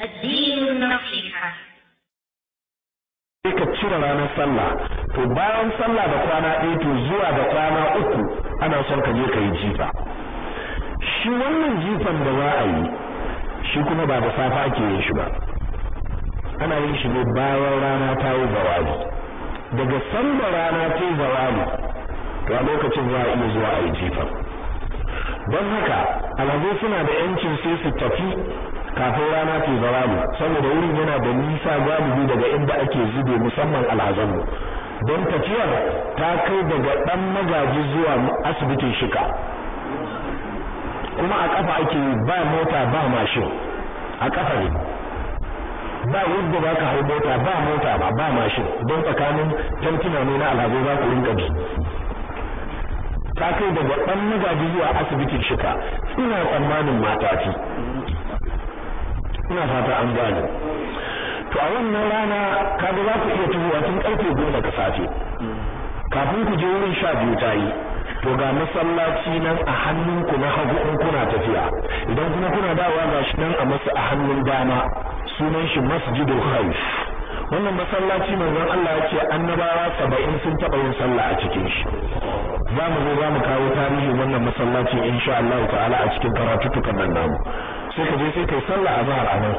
addinin ka cire ranar sallah to bayan sallah da kwana ɗaya to zuwa da kwana uku ana son ka je ka yi jifa shi wannan jifan da za a yi shi kuma ba da safa ake yin shi ba ana yin shi ne bayan rana ta yi zawali daga sanda rana ta yi zawali to a lokacin za a iya zuwa a yi jifan don haka alhazai suna da yancin sai su tafi kafin rana ke ne saboda wurin yana da nisa galibi daga inda ake zube musamman mu. don tafiyar ta kai daga dan magaji zuwa asibitin shika kuma a kafa ake ba mota ba mashin a kafa ne ba yadda ba ka hau mota ba mota ba ba mashin don tsakanin tantina ne na alhazai za ku rinka bi ta kai daga ɗan magaji zuwa asibitin shika ina tsammanin mata ce ina fata an gane to a wannan rana kaga za ku iya tuhuwa tun karfe goma ka safe kafin ku je wurin sha biyu ta yi to ga masallaci nan a hannunku na hagu in kuna tafiya idan kuma kuna dawowa ga shi nan a masa a hannun dama sunan shi masjidul khaif wannan masallaci manzon Allah yake annabawa saba'in sun taɓa yin sallah a cikin shi za mu zo za mu kawo tarihin wannan masallacin insha Allah ta'ala a cikin karatutukan nan namu sai ka je sai kai sallah azhar a nan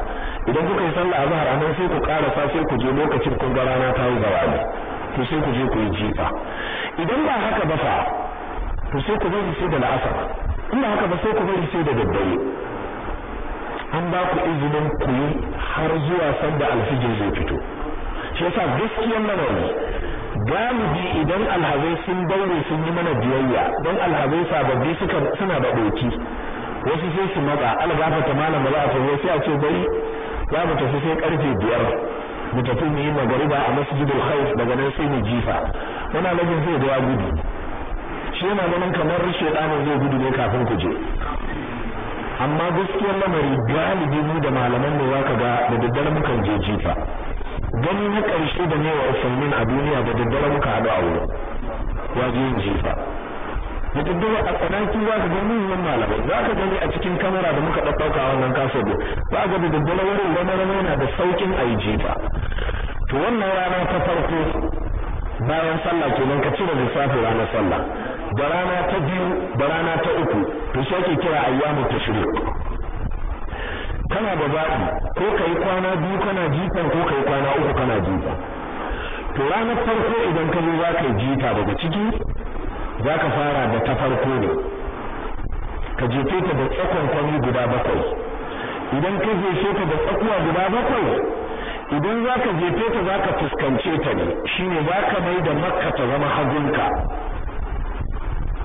idan kuka yi sallah azhar a nan sai ku karasa sai ku je lokacin kun ga rana ta yi ne to sai ku je ku yi jifa idan ba haka ba fa to sai ku bari sai da la'asar in ba haka ba sai ku bari sai da daddare an ba ku izinin ku yi har zuwa sanda alfijir zai fito shi yasa gaskiyar lamari galibi idan alhazai sun daure sun yi mana biyayya don alhazai sababbi suna da ɗoki wasu sai su maka algafa ta malam ba za a tafi sai a ce bari za mu tafi sai karfe biyar mu tafi mu yi magariba a masjidul khaif daga nan sai mu jifa wani lajin zai da ya gudu shi yana ganin kamar ɗanin zai gudu ne kafin ku je amma gaskiyar lamari galibi mu da malaman mu ka ga da daddare mukan je jifa gani na ƙarshe da ne wa usulmin a duniya da daddare muka haɗu a wurin wajen jifa da a a tsanaki za ka ga yin malamai za ka gani a cikin kamera da muka ɗaukawa wannan kaso ba za ka ga daddare wurin rama-rama yana da saukin a yi to wannan rana ta farko bayan sallah kenan ka cire lissafin ranar sallah da rana ta biyu da rana ta uku to shi ake kira ayyamu shirya. kana da zaɓi ko ka yi kwana biyu kana jifan ko ka yi kwana uku kana jifa to ranar farko idan ka zo za ka yi jita daga ciki za ka fara da ta farko ne ka jefe ta da tsakon guda bakwai idan ka jefe ta da tsakuwa guda bakwai idan za ka jefe ta za ka fuskance ta ne shine za ka mai da makka ta zama hagunka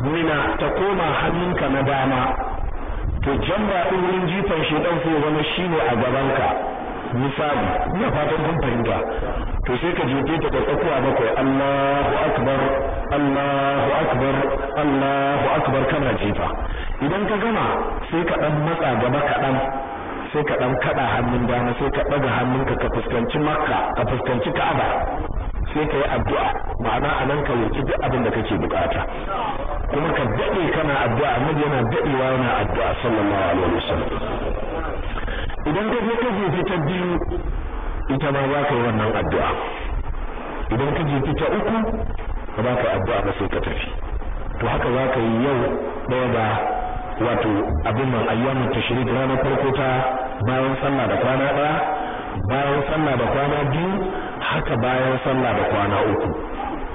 mina ta koma hannunka na dama to jamba ɗin wurin jifan shedan sai zama shine a gabanka misali ina fatan kun fahimta to sai ka jefe ta da tsakuwa bakwai Allahu akbar Allah akbar Allahu akbar kana jifa idan ka gama sai ka dan matsa gaba kaɗan sai ka dan kada hannun dama sai ka daga hannunka ka fuskanci makka ka fuskanci ka'aba sai ka yi addu'a ma'ana a nan ka roki duk abin da kake bukata kuma ka dade kana addu'a annabi yana dadewa yana addu'a sallallahu alaihi wasallam idan ka je ka je ta biyu ita ma za ka yi wannan addu'a idan ka je ta uku ba za ka yi addu'a ba sai ka tafi to haka za ka yi yau ɗaya da wato abin nan ayyamin tashrik ranar farko ta bayan sallah da kwana ɗaya bayan sallah da kwana biyu haka bayan sallah da kwana uku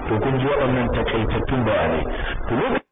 to kun ji waɗannan takaitattun bayanai to